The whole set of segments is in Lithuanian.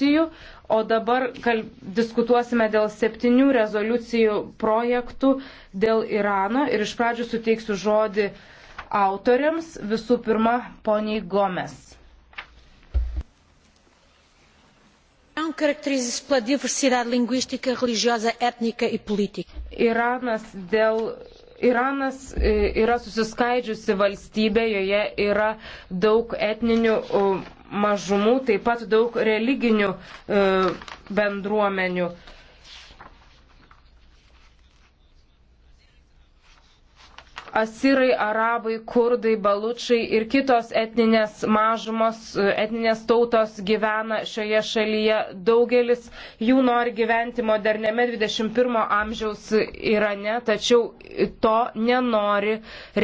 rezoliucijų, o dabar kal... diskutuosime dėl septynių rezoliucijų projektų dėl Irano ir iš pradžių suteiksiu žodį autoriams, visų pirma, poniai Gomes. Um e Iranas dėl Iranas e, yra susiskaidžiusi valstybė, joje yra daug etninių e, mažumų, taip pat daug religinių e, bendruomenių. asirai, arabai, kurdai, balučiai ir kitos etninės mažumos, e, etninės tautos gyvena šioje šalyje. Daugelis jų nori gyventi modernėme 21 amžiaus Irane, tačiau to nenori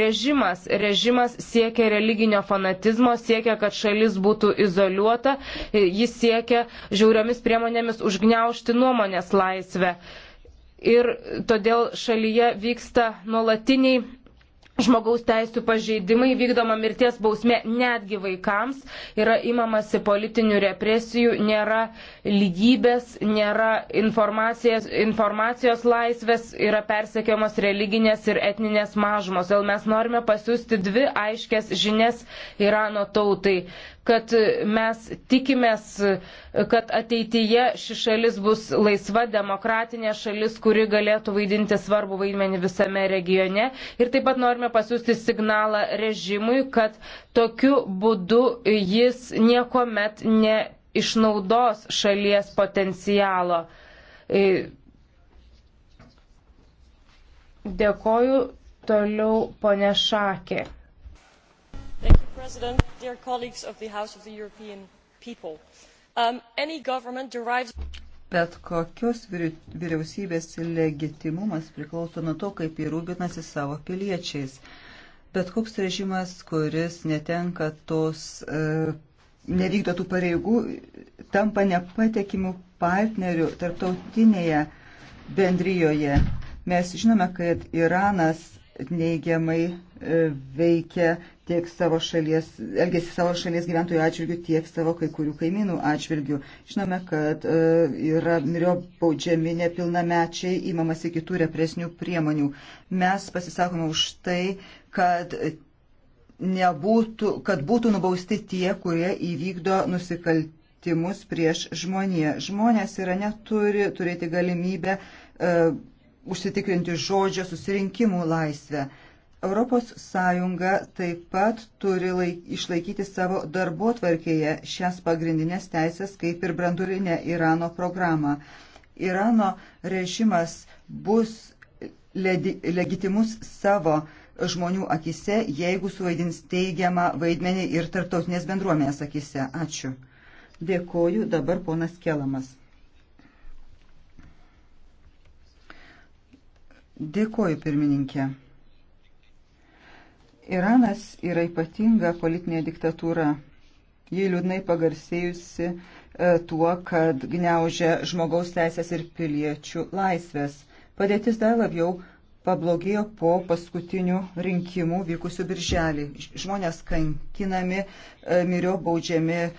režimas. Režimas siekia religinio fanatizmo, siekia, kad šalis būtų izoliuota, e, jis siekia žiauriomis priemonėmis užgneušti nuomonės laisvę. Ir todėl šalyje vyksta nuolatiniai žmogaus teisų pažeidimai, vykdoma mirties bausmė netgi vaikams, yra imamasi politinių represijų, nėra lygybės, nėra informacijos, informacijos laisvės, yra persekiamos religinės ir etninės mažumos. Dėl mes norime pasiūsti dvi aiškės žinias Irano tautai kad mes tikimės, kad ateityje ši šalis bus laisva, demokratinė šalis, kuri galėtų vaidinti svarbu vaidmenį visame regione. Ir taip pat norime galime pasiūsti signalą režimui, kad tokiu būdu jis niekuomet neišnaudos šalies potencialo. E, dėkoju toliau ponė Šakė. Thank you, President. Dear colleagues of the House of the European People. Um, any government derives... Bet kokios vyriausybės legitimumas priklauso nuo to, kaip jį rūpinasi savo piliečiais. Bet koks režimas, kuris netenka tos, e, nevykdo tų pareigų, tampa nepatekimų partnerių tarptautinėje bendryjoje. Mes žinome, kad Iranas neigiamai e, veikia tiek savo šalies, elgesi savo šalies gyventojų atžvilgių, tiek savo kai kurių kaimynų atžvilgių. Žinome, kad e, yra mirio baudžiami nepilnamečiai, įmamasi kitų represinių priemonių. Mes pasisakome už tai, kad nebūtų, kad būtų nubausti tie, kurie įvykdo nusikaltimus prieš žmoniją. Žmonės yra neturi turėti galimybę e, užsitikrinti žodžio susirinkimų laisvę. E, Europos Sąjunga taip pat turi laik, išlaikyti savo darbo tvarkėje šias pagrindinės teisės, kaip ir brandurinę Irano programą. Irano režimas bus ledi, legitimus savo žmonių akise, jeigu suvaidins teigiamą vaidmenį ir tarptautinės bendruomenės akise. Ačiū. Dėkoju dabar ponas Kelamas. Dėkoju pirmininkė. Iranas yra ypatinga politinė diktatūra. Jie liūdnai pagarsėjusi e, tuo, kad gniaužia žmogaus teisės ir piliečių laisvės. Padėtis dar labiau pablogėjo po paskutinių rinkimų vykusių birželį. Žmonės kankinami, e, mirio baudžiami e,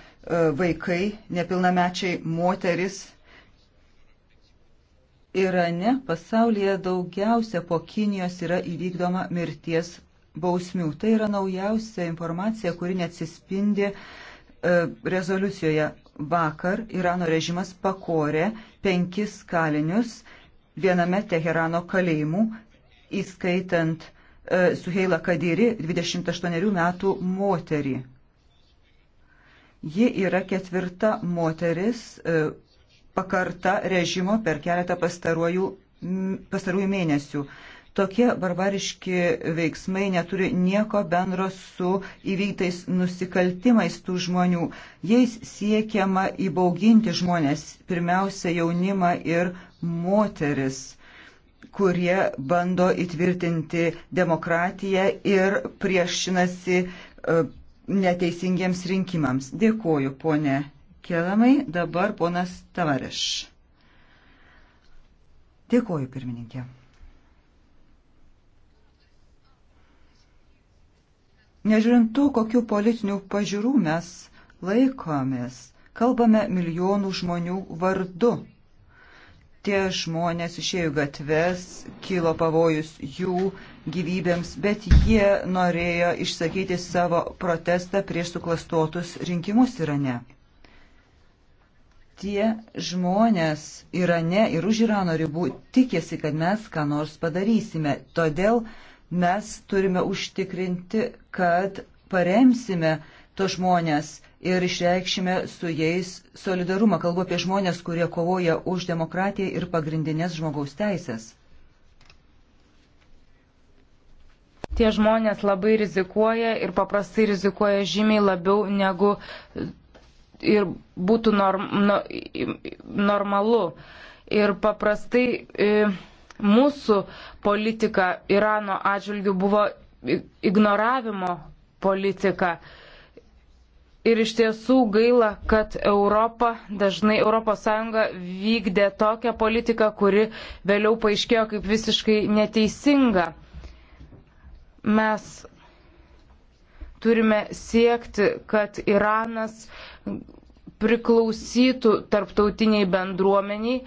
vaikai, nepilnamečiai moteris. Irane pasaulyje daugiausia po Kinijos yra įvykdoma mirties bausmių. Tai yra naujausia informacija, kuri neatsispindi e, rezoliucijoje. Vakar Irano režimas pakorė penkis kalinius viename Teherano kalėjimų, įskaitant e, Suheila Kadiri, 28 metų moterį. Ji yra ketvirta moteris e, pakarta režimo per keletą pastarųjų mėnesių. Tokie barbariški veiksmai neturi nieko bendro su įvyktais nusikaltimais tų žmonių. Jais siekiama įbauginti žmonės, pirmiausia jaunimą ir moteris kurie bando įtvirtinti demokratiją ir priešinasi e, neteisingiems rinkimams. Dėkuoju, ponė Kelamai, dabar ponas Tavareš. Dėkuoju, pirmininkė. Nežiūrint to, kokiu politiniu pažiūrų mes laikomės, kalbame milijonų žmonių vardu. Tie žmonės išėjo gatves, kilo pavojus jų gyvybėms, bet jie norėjo išsakyti savo protestą prieš suklastotus rinkimus Irane. Tie žmonės Irane ir už Irano ribų tikėsi, kad mes ką nors padarysime. Todėl Mes turime užtikrinti, kad paremsime tos žmonės ir išreikšime su jais solidarumą. Kalbu apie žmonės, kurie kovoja už demokratiją ir pagrindinės žmogaus teisės. Tie žmonės labai rizikuoja ir paprastai rizikuoja žymiai labiau negu ir būtų norm, no, normalu. Ir paprastai. E, mūsų politika Irano atžvilgių buvo ignoravimo politika. Ir iš tiesų gaila, kad Europa, dažnai ES vykdė tokią politiką, kuri vėliau paaiškėjo kaip visiškai neteisinga. Mes turime siekti, kad Iranas priklausytų tarptautiniai bendruomeniai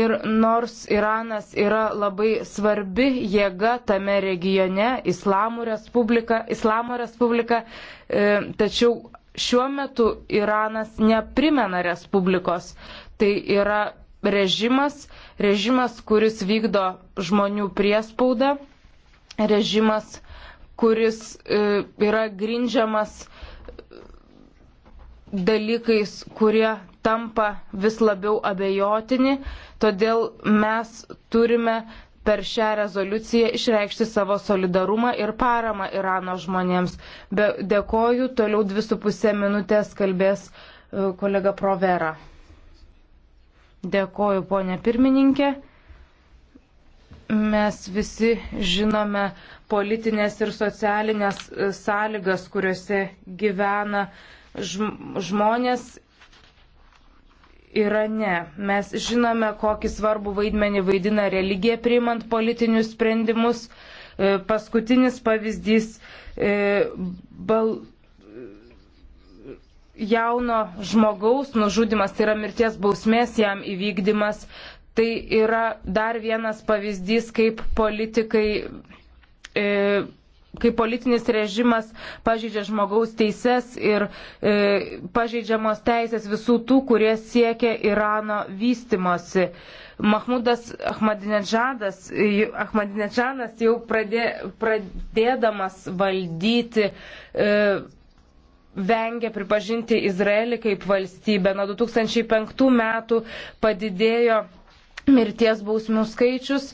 ir nors Iranas yra labai svarbi jėga tame regione, Islamo Respublika, Islamo Respublika e, tačiau šiuo metu Iranas neprimena Respublikos. Tai yra režimas, režimas, kuris vykdo žmonių priespaudą, režimas, kuris e, yra grindžiamas dalykais, kurie tampa vis labiau abejotini, todėl mes turime per šią rezoliuciją išreikšti savo solidarumą ir paramą Irano žmonėms. Be, dėkoju, toliau dvi su pusė minutės kalbės e, kolega Provera. Dėkoju, ponė pirmininkė. Mes visi žinome politinės ir socialinės e, sąlygas, kuriuose gyvena uh, žmonės Irane. Mes žinome, kokį svarbų vaidmenį vaidina religija priimant politinius sprendimus. E, paskutinis pavyzdys e, bal, jauno žmogaus nužudimas, tai yra mirties bausmės jam įvykdymas. Tai yra dar vienas pavyzdys, kaip politikai e, kai politinis režimas pažeidžia žmogaus teises ir e, pažeidžiamos teisės visų tų, kurie siekia Irano vystimosi. Mahmudas Ahmadinejadas, Ahmadinejadas jau pradė, pradėdamas valdyti e, vengia pripažinti Izraelį kaip valstybę. Nuo 2005 metų padidėjo mirties bausmių skaičius.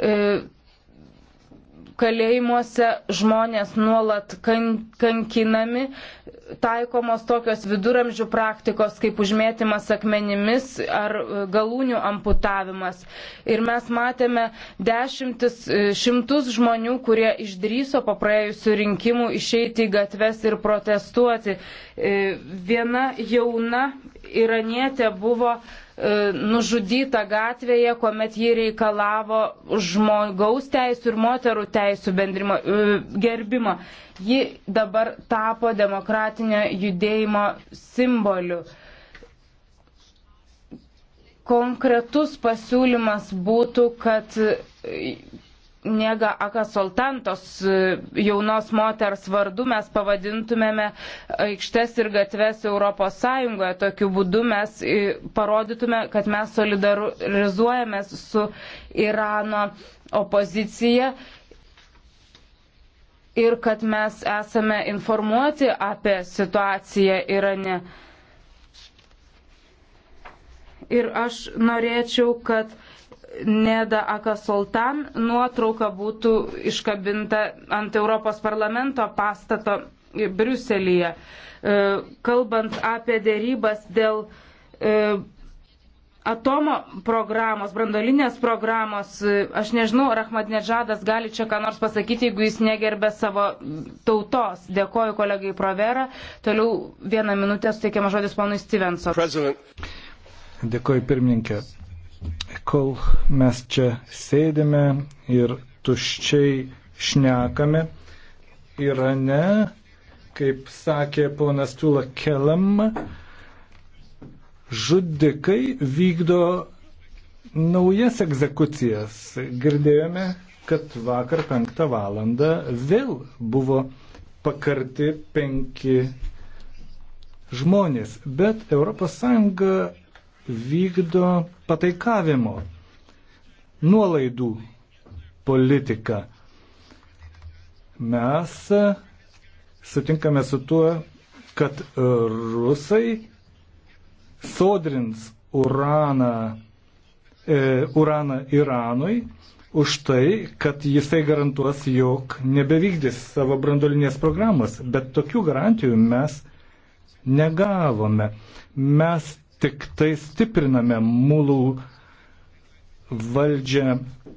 E, kalėjimuose žmonės nuolat kan, kankinami, taikomos tokios viduramžių praktikos kaip užmėtymas akmenimis ar e, galūnių amputavimas. Ir mes matėme dešimtis, e, šimtus žmonių, kurie išdryso po praėjusių rinkimų išeiti į gatves ir protestuoti. E, viena jauna iranietė buvo e, nužudyta gatvėje, kuomet ji reikalavo žmogaus teisų ir moterų teisų bendrimo, e, gerbimo. Ji dabar tapo demokratinio judėjimo simboliu. Konkretus pasiūlymas būtų, kad Niega Akasoltantos e, jaunos moters vardu mes pavadintumėme aikštes ir gatves Europos Sąjungoje. Tokiu būdu mes e, parodytume, kad mes solidarizuojamės su Irano opozicija ir kad mes esame informuoti apie situaciją Irane. Ir aš norėčiau, kad Neda Akasoltan nuotrauka būtų iškabinta ant Europos parlamento pastato Briuselyje. E, kalbant apie dėrybas dėl e, atomo programos, brandolinės programos, e, aš nežinau, ar Ahmadinečadas gali čia ką nors pasakyti, jeigu jis negerbė savo tautos. Dėkoju kolegai Provera. Toliau vieną minutę suteikiama žodis ponui Stevenson. Dėkoju pirmininkė kol mes čia sėdime ir tuščiai šnekame, Irane, kaip sakė ponas Tula Kelam, žudikai vykdo naujas egzekucijas. Girdėjome, kad vakar penktą valandą vėl buvo pakarti penki žmonės, bet ES vykdo pataikavimo, nuolaidų politiką. Mes sutinkame su tuo, kad rusai sodrins uraną, e, uraną Iranui už tai, kad jisai garantuos, jog nebevykdys savo brandolinės programos. Bet tokių garantijų mes negavome. Mes tik tai stipriname mūlų valdžią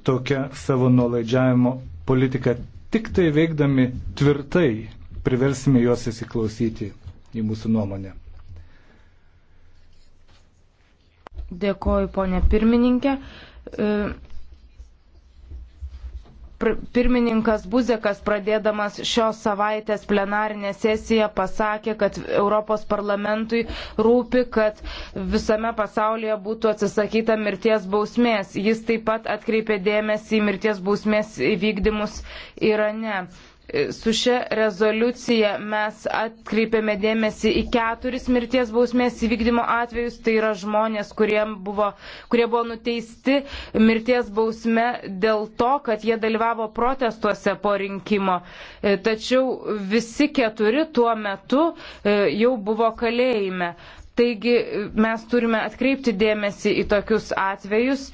tokią savo nuolaidžiavimo politiką. Tik tai veikdami tvirtai priversime juos įsiklausyti į mūsų nuomonę. Dėkoju, ponė pirmininkė. E, pirmininkas Buzekas, pradėdamas šios savaitės plenarinę sesiją, pasakė, kad Europos parlamentui rūpi, kad visame pasaulyje būtų atsisakyta mirties bausmės. Jis taip pat atkreipė dėmesį į mirties bausmės įvykdymus Irane. Su šia rezoliucija mes atkreipėme dėmesį į keturis mirties bausmės įvykdymo atvejus. Tai yra žmonės, buvo, kurie buvo nuteisti mirties bausme dėl to, kad jie dalyvavo protestuose po rinkimo. E, tačiau visi keturi tuo metu e, jau buvo kalėjime. Taigi mes turime atkreipti dėmesį į tokius atvejus.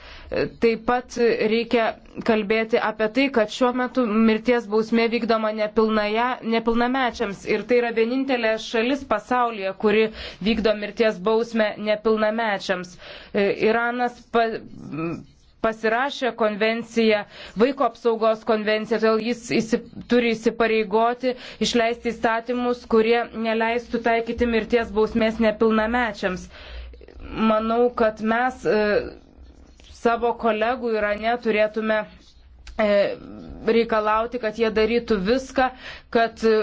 Taip pat reikia kalbėti apie tai, kad šiuo metu mirties bausmė vykdoma nepilnaja, nepilnamečiams. Ir tai yra vienintelė šalis pasaulyje, kuri vykdo mirties bausmę nepilnamečiams. E, Iranas pa, pasirašė konvenciją, vaiko apsaugos konvenciją, todėl jis įsip, turi įsipareigoti išleisti įstatymus, kurie neleistų taikyti mirties bausmės nepilnamečiams. Manau, kad mes e, savo kolegų Irane turėtume e, reikalauti, kad jie darytų viską, kad e,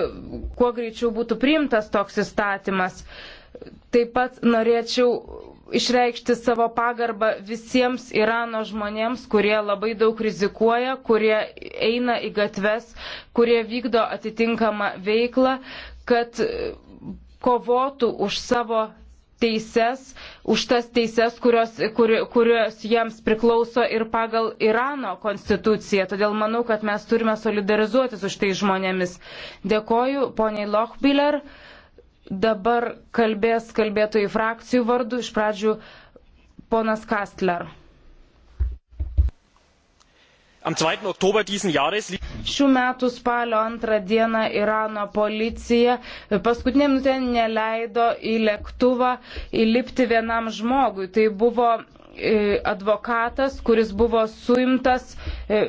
kuo greičiau būtų priimtas toks įstatymas. Taip pat norėčiau išreikšti savo pagarbą visiems Irano žmonėms, kurie labai daug rizikuoja, kurie eina į gatves, kurie vykdo atitinkamą veiklą, kad kovotų už savo teises, už tas teises, kurios, kur, kurios jiems priklauso ir pagal Irano konstituciją. Todėl manau, kad mes turime solidarizuotis už tai žmonėmis. Dėkoju poniai Lochbiller. Dabar kalbės kalbėtojų frakcijų vardu. Iš pradžių ponas Kastler. Šių metų spalio antrą dieną Irano policija paskutinė minutė neleido į lėktuvą įlipti vienam žmogui. Tai buvo e, advokatas, kuris buvo suimtas e,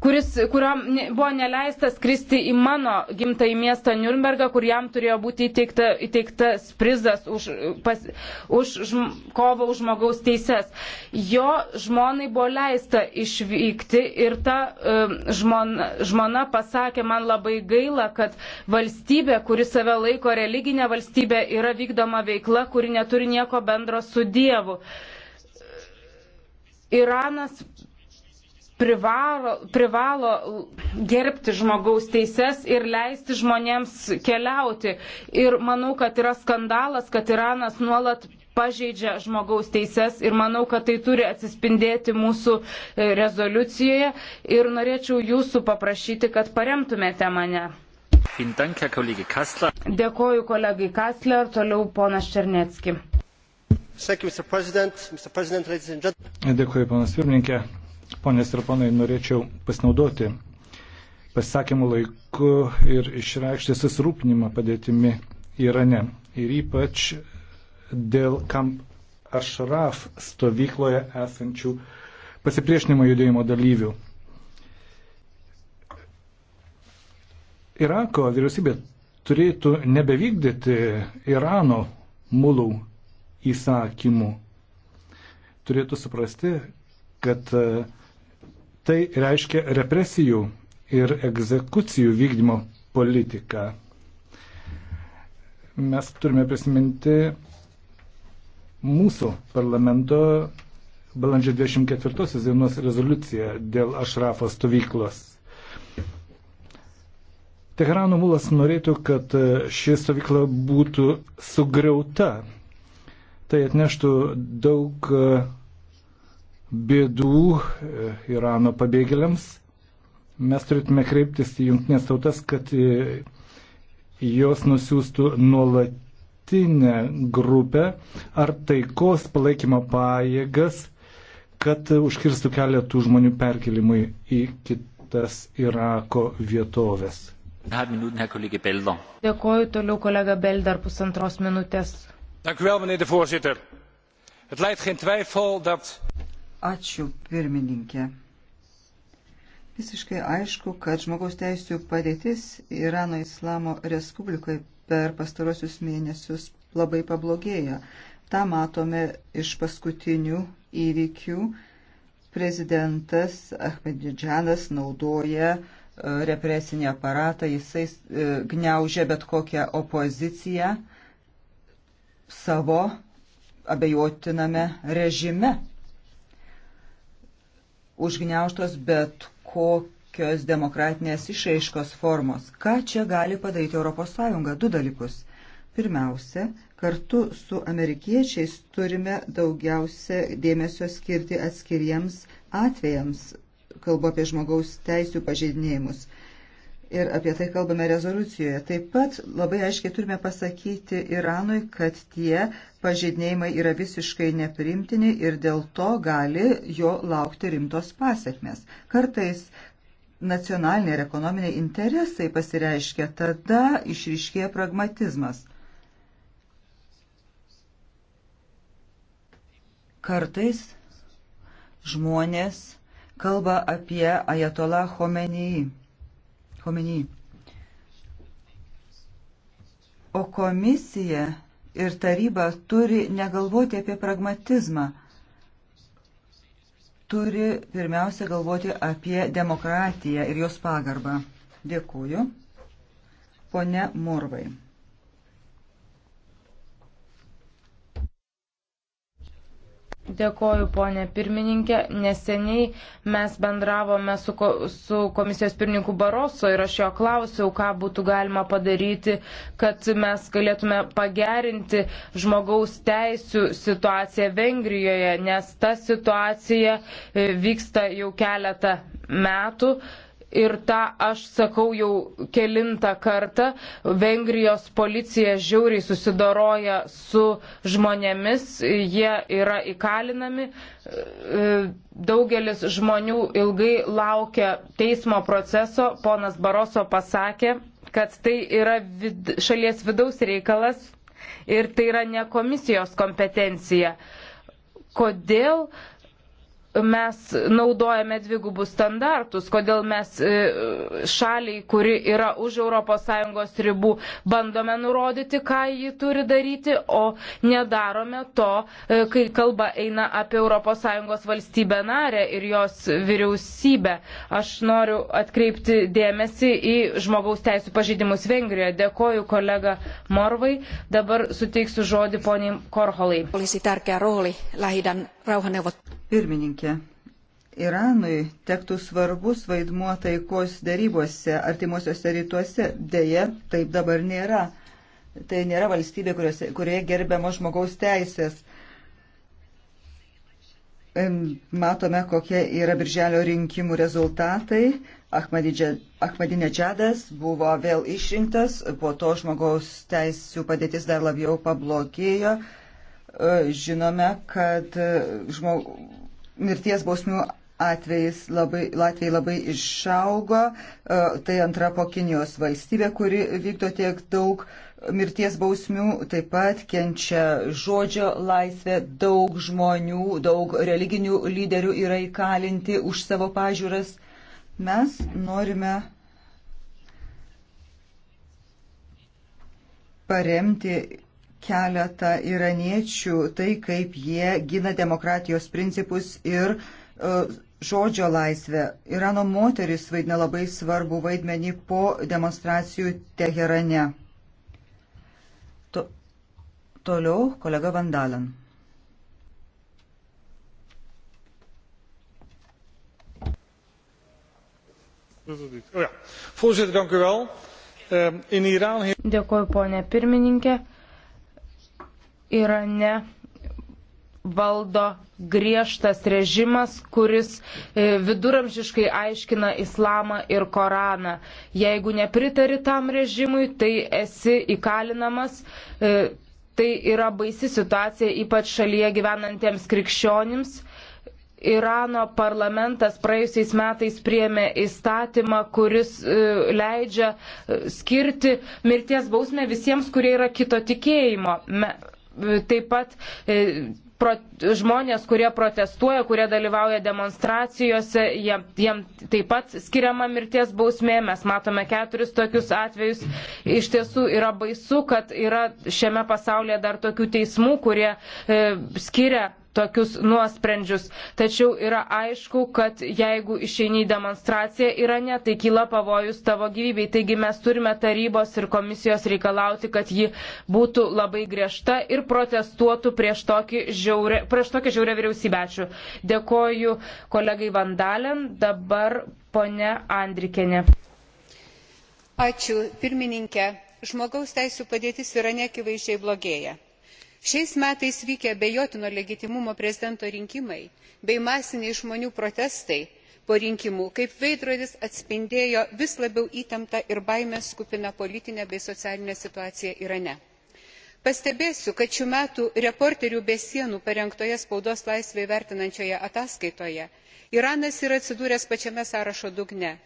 kuris, kuriam buvo neleista skristi į mano gimtąjį miestą Nürnbergą, kur jam turėjo būti įteikta, įteiktas prizas už, pas, už žm, kovą už žmogaus teises. Jo žmonai buvo leista išvykti ir ta um, žmona, žmona pasakė, man labai gaila, kad valstybė, kuri save laiko religinė valstybė, yra vykdoma veikla, kuri neturi nieko bendro su Dievu. Iranas privalo, privalo gerbti žmogaus teises ir leisti žmonėms keliauti. Ir manau, kad yra skandalas, kad Iranas nuolat pažeidžia žmogaus teises ir manau, kad tai turi atsispindėti mūsų e, rezoliucijoje ir norėčiau jūsų paprašyti, kad paremtumėte mane. Dėkoju kolegai Kastler, toliau ponas Černetski. Dėkoju, ponas pirmininkė. Ponės ir ponai, norėčiau pasinaudoti pasisakymų laiku ir išreikšti susirūpinimą padėtimi Irane. Ir ypač dėl Kamp Ašraf stovykloje esančių pasipriešinimo judėjimo dalyvių. Irako vyriausybė turėtų nebevykdyti Irano mulų įsakymų. Turėtų suprasti, kad e, tai reiškia represijų ir egzekucijų vykdymo politiką. Mes turime prisiminti mūsų parlamento balandžio 24 dienos rezoliuciją dėl Ašrafo stovyklos. Teherano mulas norėtų, kad e, ši stovykla būtų sugriauta. Tai atneštų daug e, bėdų e, Irano pabėgėliams. Mes turėtume kreiptis į jungtinės tautas, kad e, jos nusiųstų nuolatinę grupę ar taikos palaikymo pajėgas, kad užkirstų kelią tų žmonių perkelimui į kitas Irako vietovės. Dėkoju toliau kolega Belder pusantros minutės. Dank u wel, meneer de voorzitter. Het leidt geen twijfel dat Ačiū, pirmininkė. Visiškai aišku, kad žmogaus teisų padėtis Irano Islamo Respublikoje per pastarosius mėnesius labai pablogėjo. Ta matome iš paskutinių įvykių. Prezidentas Ahmedidžanas naudoja e, represinį aparatą, jisai e, gniaužia bet kokią opoziciją savo abejotiname režime užgneuštos bet kokios demokratinės išaiškos formos. Ką čia gali padaryti ES? Du dalykus. Pirmiausia, kartu su amerikiečiais turime daugiausia dėmesio skirti atskiriems atvejams, kalbu apie žmogaus teisų pažeidinėjimus. Ir apie tai kalbame rezoliucijoje. Taip pat labai aiškiai turime pasakyti Iranui, kad tie pažeidinėjimai yra visiškai neprimtini ir dėl to gali jo laukti rimtos pasiekmes. Kartais nacionaliniai ir ekonominiai interesai pasireiškia, tada išryškėja pragmatizmas. Kartais žmonės kalba apie Ajatolą Homenijį omeny. O komisija ir taryba turi negalvoti apie pragmatizmą, turi pirmiausia galvoti apie demokratiją ir jos pagarbą. Dėkuoju. Pone Morvai. Dėkoju, ponė pirmininkė. Neseniai mes bendravome su, ko, su komisijos pirmininku Baroso ir aš jo klausiau, ką būtų galima padaryti, kad mes galėtume pagerinti žmogaus teisų situaciją Vengrijoje, nes ta situacija e, vyksta jau keletą metų. E, ir tą aš sakau jau kelintą kartą, Vengrijos policija žiauriai susidoroja su žmonėmis, jie yra įkalinami, daugelis žmonių ilgai laukia teismo proceso, ponas Baroso pasakė, kad tai yra vid šalies vidaus reikalas ir tai yra ne komisijos kompetencija. Kodėl uh, mes naudojame dvigubus standartus, kodėl mes e, šaliai, kuri yra už ES ribų, bandome nurodyti, ką ji turi daryti, o nedarome to, e, kai kalba eina apie ES valstybę narę ir jos vyriausybę. Aš noriu atkreipti dėmesį į žmogaus teisų pažydimus Vengrijoje. Dėkoju kolega Morvai. Dabar suteiksiu žodį poniai Korholai. Olisi tärkeä rooli lähidän rauhanneuvotteluissa. Pirmininkė, Iranui tektų svarbus vaidmuo taikos darybose artimuosiuose rytuose. Deja, taip dabar nėra. Tai nėra valstybė, kuriuose, kurioje gerbiamos žmogaus teisės. Matome, kokie yra birželio rinkimų rezultatai. Ahmadinečadas buvo vėl išrinktas, po to žmogaus teisų padėtis dar labiau pablogėjo. E, žinome, kad e, žmog... mirties bausmių atvejais labai, Latvijai labai išaugo, e, tai antra po Kinijos valstybė, kuri vykdo tiek daug mirties bausmių, taip pat kenčia žodžio laisvė, daug žmonių, daug religinių lyderių yra įkalinti už savo pažiūras. Mes norime paremti keletą iraniečių, tai kaip jie gina demokratijos principus ir e, žodžio laisvę. Irano moteris vaidina labai svarbų vaidmenį po demonstracijų Teherane. To, toliau kolega Vandalan. Ehm, Dėkuoju, ponė pirmininkė. Irane valdo griežtas režimas, kuris e, viduramžiškai aiškina islamą ir Koraną. Jeigu nepritari tam režimui, tai esi įkalinamas. E, tai yra baisi situacija, ypač šalyje gyvenantiems krikščionims. Irano parlamentas praėjusiais metais priėmė įstatymą, kuris e, leidžia skirti mirties bausmę visiems, kurie yra kito tikėjimo. Me taip pat e, pro, žmonės, kurie protestuoja, kurie dalyvauja demonstracijose, jie, jiem taip pat skiriama mirties bausmė. Mes matome keturis tokius atvejus. Iš tiesų yra baisu, kad yra šiame pasaulyje dar tokių teismų, kurie e, skiria tokius nuosprendžius. Tačiau yra aišku, kad jeigu išeini į demonstraciją Irane, tai kyla pavojus tavo gyvybei. Taigi mes turime tarybos ir komisijos reikalauti, kad ji būtų labai griežta ir protestuotų prieš, žiaurę, prieš tokią žiaurę vyriausybę. Ačiū. Dėkoju kolegai Vandalen. Dabar ponia Andrikenė. Ačiū, pirmininkė. Žmogaus teisų padėtis Irane akivaizdžiai blogėja šiais metais vykę abejotino legitimumo prezidento rinkimai bei masiniai žmonių protestai po rinkimų kaip veidrodis atspindėjo vis labiau įtemptą ir baimės kupiną politinę bei socialinę situaciją irane. pastebėsiu kad šių metų reporterių be sienų parengtoje spaudos laisvę įvertinančioje ataskaitoje iranas yra atsidūręs pačiame sąrašo dugne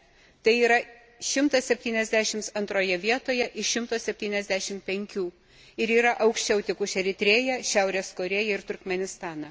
tai yra šimtas septyniasdešimt du vietoje iš šimto septyniasdešimt penki ir yra aukščiau tik už eritrėją šiaurės korėją ir turkmėnistaną.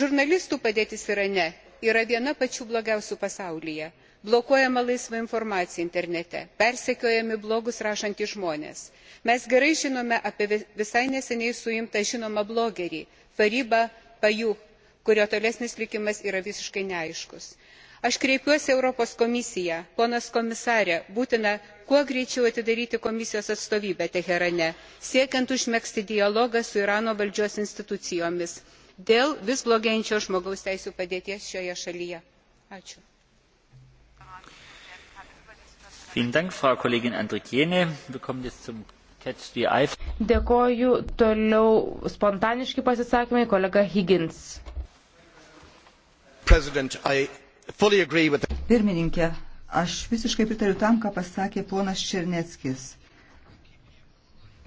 žurnalistų padėtis irane yra viena pačių blogiausių pasaulyje blokuojama laisva informacija internete persekiojami blogus rašantys žmonės. mes gerai žinome apie visai neseniai suimtą žinomą blogerį faribą pajūh kurio tolesnis likimas yra visiškai neaiškus aš kreipiuosi į europos komisiją ponas komisare būtina kuo greičiau atidaryti komisijos atstovybę teherane siekiant užmegzti dialogą su irano valdžios institucijomis dėl vis blogėjančios žmogaus teisių padėties šioje šalyje. ačiū. Dėkoju. Toliau spontaniški pasisakymai kolega Higgins. President, I Pirmininkė, aš visiškai pritariu tam, ką pasakė ponas Černeckis.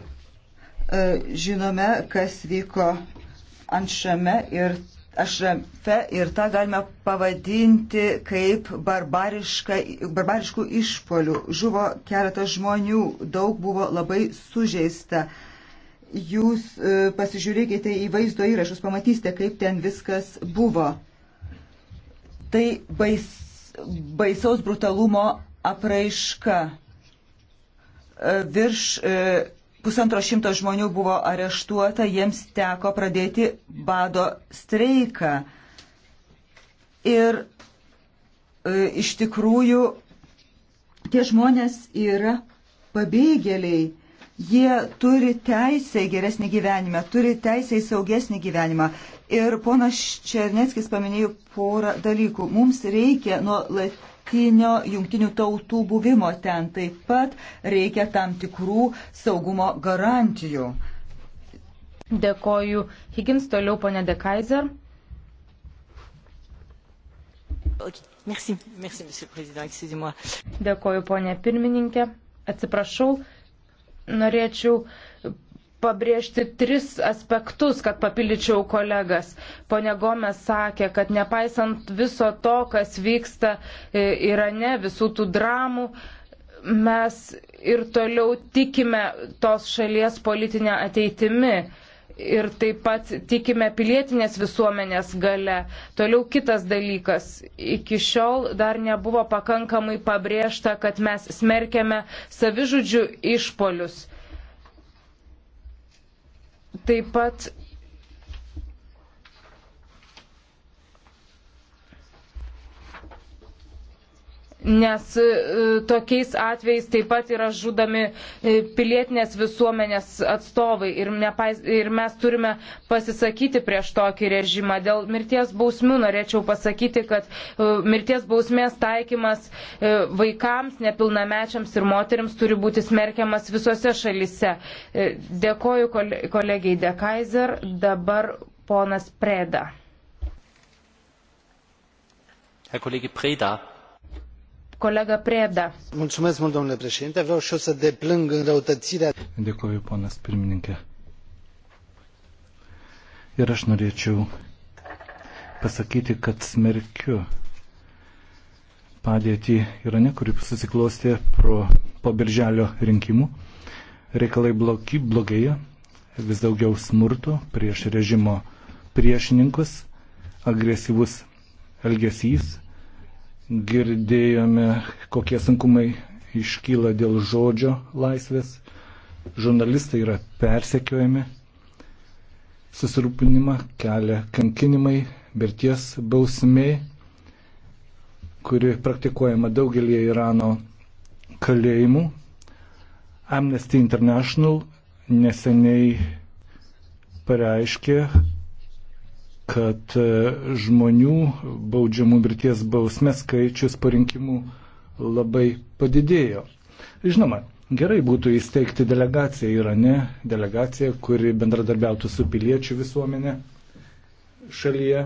E, žinome, kas vyko Anšame ir Ašrafe ir tą galime pavadinti kaip barbariškų išpolių. Žuvo keletas žmonių, daug buvo labai sužeista. Jūs e, pasižiūrėkite į vaizdo įrašus, pamatysite, kaip ten viskas buvo tai bais, baisaus brutalumo apraiška. E, virš e, pusantro šimto žmonių buvo areštuota, jiems teko pradėti bado streiką. Ir e, iš tikrųjų tie žmonės yra pabėgėliai. Jie turi teisę į geresnį gyvenimą, turi teisę į saugesnį gyvenimą. Ir ponas Černeckis paminėjo porą dalykų. Mums reikia nuo nuolatinio jungtinių tautų buvimo ten. Taip pat reikia tam tikrų saugumo garantijų. Dėkoju. Higgins toliau, ponė De Kaiser. Merci, merci, monsieur président, excusez-moi. Dėkoju, ponė pirmininkė. Atsiprašau, norėčiau pabrėžti tris aspektus, kad papildyčiau kolegas. Pone Gomes sakė, kad nepaisant viso to, kas vyksta e, Irane, visų tų dramų, mes ir toliau tikime tos šalies politinę ateitimi. Ir taip pat tikime pilietinės visuomenės gale. Toliau kitas dalykas. Iki šiol dar nebuvo pakankamai pabrėžta, kad mes smerkėme savižudžių išpolius Taip pat nes e, tokiais atvejais taip pat yra žudami e, pilietinės visuomenės atstovai ir, nepais, ir mes turime pasisakyti prieš tokį režimą. Dėl mirties bausmių norėčiau pasakyti, kad e, mirties bausmės taikymas vaikams, nepilnamečiams ir moteriams turi būti smerkiamas visose šalise. Dėkoju kolegiai Dekaiser, dabar ponas Preda. Herr Kollege Preda, Kolega Prėda. Mulțumesc mult, domnule președinte. Vreau și eu să deplâng înrăutățirea. Dėkoju, ponas pirmininkė. Ir aš norėčiau pasakyti, kad smerkiu padėtį Irane, kuri susiklostė pro, po birželio rinkimų. Reikalai blogi, blogėja, vis daugiau smurto prieš režimo priešininkus, agresyvus elgesys girdėjome, kokie sunkumai iškyla dėl žodžio laisvės. Žurnalistai yra persekiojami, susirūpinimą kelia kankinimai, mirties bausmė, kuri praktikuojama daugelį Irano kalėjimų. Amnesty International neseniai pareiškė, kad e, žmonių baudžiamų mirties bausmė skaičius po rinkimų labai padidėjo. Žinoma, gerai būtų įsteigti delegaciją Irane, delegaciją, kuri bendradarbiautų su piliečių visuomenė šalyje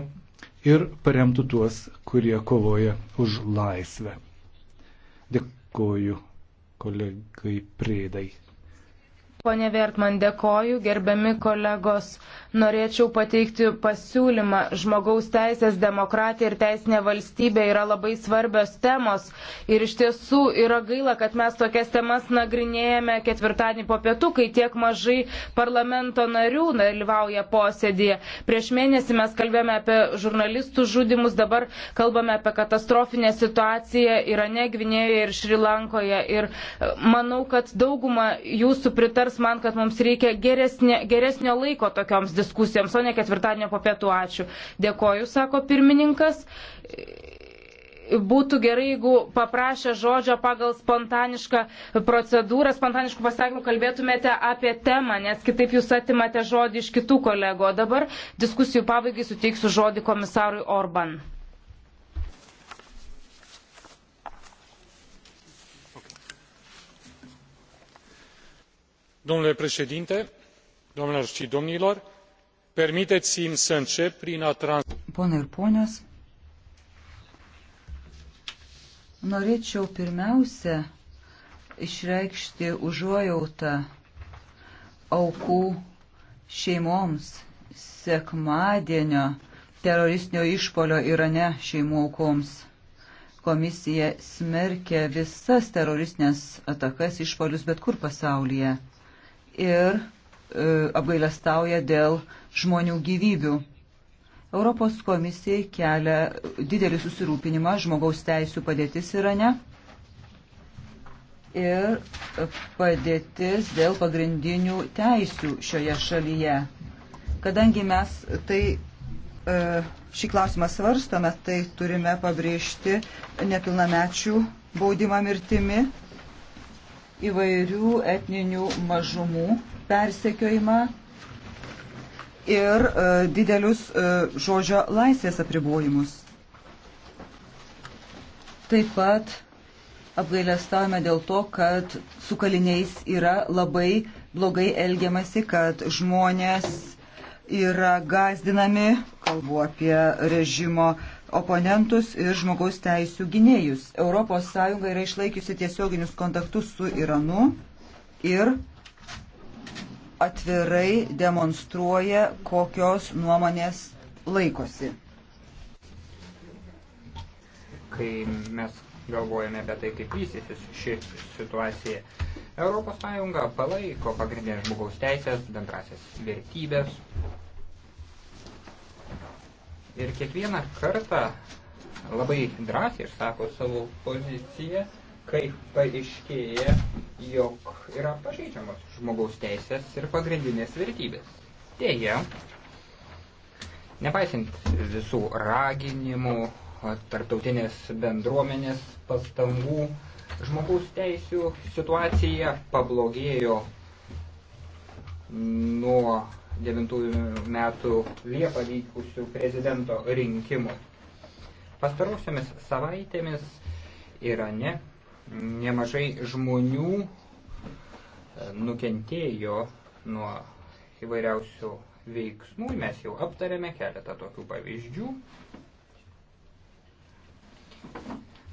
ir paremtų tuos, kurie kovoja už laisvę. Dėkuoju kolegai Prėdai. Pone Vertman, dėkoju, gerbiami kolegos. Norėčiau pateikti pasiūlymą. Žmogaus teisės, demokratija ir teisinė valstybė yra labai svarbios temos. Ir iš tiesų yra gaila, kad mes tokias temas nagrinėjame ketvirtadienį po pietų, kai tiek mažai parlamento narių dalyvauja posėdėje. Prieš mėnesį mes kalbėjome apie žurnalistų žudimus, dabar kalbame apie katastrofinę situaciją Irane, Gvinėjoje ir Šrilankoje. Ir e, manau, kad dauguma jūsų pritars rodytis man, kad mums reikia geresnė, geresnio laiko tokioms diskusijoms, o ne ketvirtadienio po pietų. Ačiū. Dėkoju, sako pirmininkas. Būtų gerai, jeigu paprašę žodžio pagal spontanišką procedūrą, spontaniškų pasakymų kalbėtumėte apie temą, nes kitaip jūs atimate žodį iš kitų kolego. O dabar diskusijų pabaigai suteiksiu žodį komisarui Orban. domnule preedinte doamnelor i domnilor permitei mi să încep prin a transmite norėčiau pirmiausia išreikšti užuojautą aukų šeimoms sekmadienio teroristinio išpolio Irane šeimų aukoms komisija smerkia visas teroristinės atakas išpolius bet kur pasaulyje ir e, apgailestauja dėl žmonių gyvybių. Europos komisijai kelia didelį susirūpinimą žmogaus teisų padėtis Irane ir padėtis dėl pagrindinių teisių šioje šalyje. Kadangi mes tai, e, šį klausimą svarstome, tai turime pabrėžti nepilnamečių baudimą mirtimi įvairių etninių mažumų persekiojimą ir e, didelius e, žodžio laisvės apribojimus. Taip pat apgailestavome dėl to, kad su kaliniais yra labai blogai elgiamasi, kad žmonės yra gazdinami, kalbu apie režimo oponentus ir žmogaus teisų gynėjus. ES yra išlaikiusi tiesioginius kontaktus su Iranu ir atvirai demonstruoja, kokios nuomonės laikosi. Kai mes galvojame apie tai, kaip vystysis ši situacija, ES palaiko pagrindinės žmogaus teisės, bendrasias vertybės, ir kiekvieną kartą labai drąsiai išsako savo poziciją, kai paaiškėja, jog yra pažeidžiamas žmogaus teisės ir pagrindinės vertybės. Deja, nepaisant visų raginimų, tartautinės bendruomenės pastangų, žmogaus teisių situacija pablogėjo nuo 2009 metų Liepą vykusių prezidento rinkimų. Pastarosiomis savaitėmis Irane nemažai žmonių e, nukentėjo nuo įvairiausių veiksmų. Mes jau aptarėme keletą tokių pavyzdžių.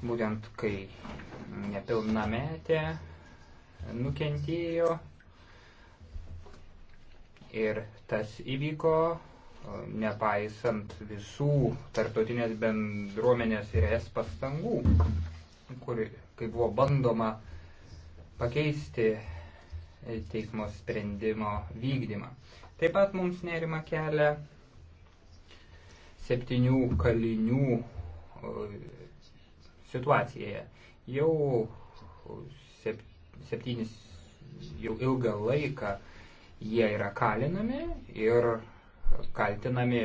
Būtent kai nepilnametė nukentėjo Ir tas įvyko nepaisant visų tarptautinės bendruomenės ir es pastangų, kur, kai buvo bandoma pakeisti teismo sprendimo vykdymą. Taip pat mums nerima kelia septynių kalinių situacijoje. Jau septynis, jau ilgą laiką Jie yra kalinami ir kaltinami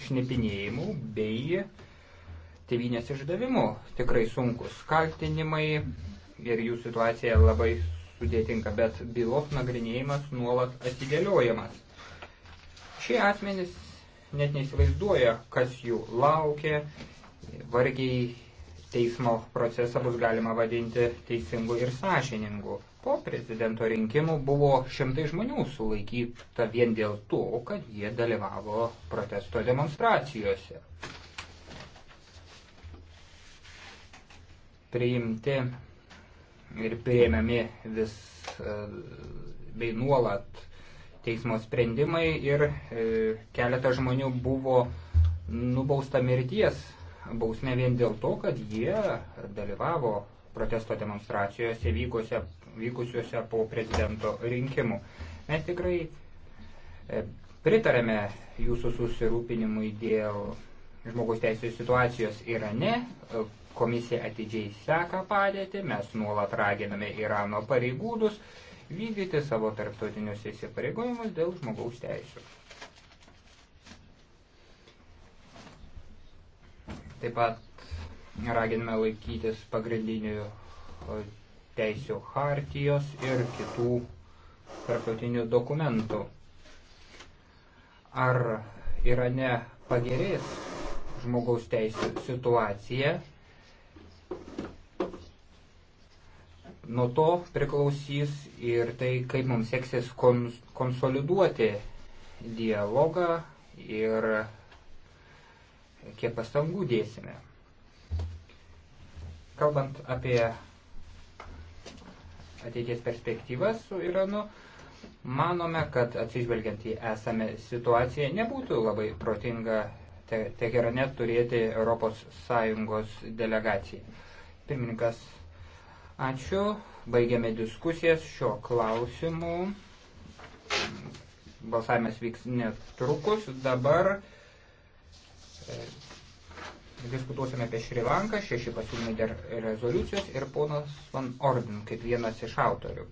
šnipinėjimu bei tevinės išdavimu. Tikrai sunkus kaltinimai ir jų situacija labai sudėtinga, bet bylos nagrinėjimas nuolat atidėliojamas. Šie asmenys net neįsivaizduoja, kas jų laukia, vargiai teismo procesą bus galima vadinti teisingu ir sąžiningu. Po prezidento rinkimų buvo šimtai žmonių sulaikyta vien dėl to, kad jie dalyvavo protesto demonstracijose. Priimti ir priėmiami vis e, bei nuolat teismo sprendimai ir e, keletas žmonių buvo nubausta mirties bausmę vien dėl to, kad jie dalyvavo protesto demonstracijose vykuose, vykusiuose po prezidento rinkimų. Mes tikrai e, pritarėme jūsų susirūpinimui dėl žmogaus teisų situacijos Irane. E, komisija atidžiai seka padėtį, mes nuolat raginame Irano pareigūnus vykdyti savo tarptautinius įsipareigojimus dėl žmogaus teisų. Taip pat raginame laikytis pagrindinių teisių hartijos ir kitų tarptautinių dokumentų. Ar Irane pagerės žmogaus teisų situacija? Nuo to priklausys ir tai, kaip mums seksis konsoliduoti dialogą ir kiek pastangų dėsime. Kalbant apie ateities perspektyvas su Iranu, manome, kad atsižvelgiant į esamą situaciją nebūtų labai protinga Teherane turėti ES delegaciją. Pirmininkas, ačiū. Baigiame diskusijas šio klausimu. Balsavimas vyks netrukus. Dabar E, diskutuosime apie Šri Lanką, šeši pasiūlymai rezoliucijos ir ponas Van Orden kaip vienas iš autorių.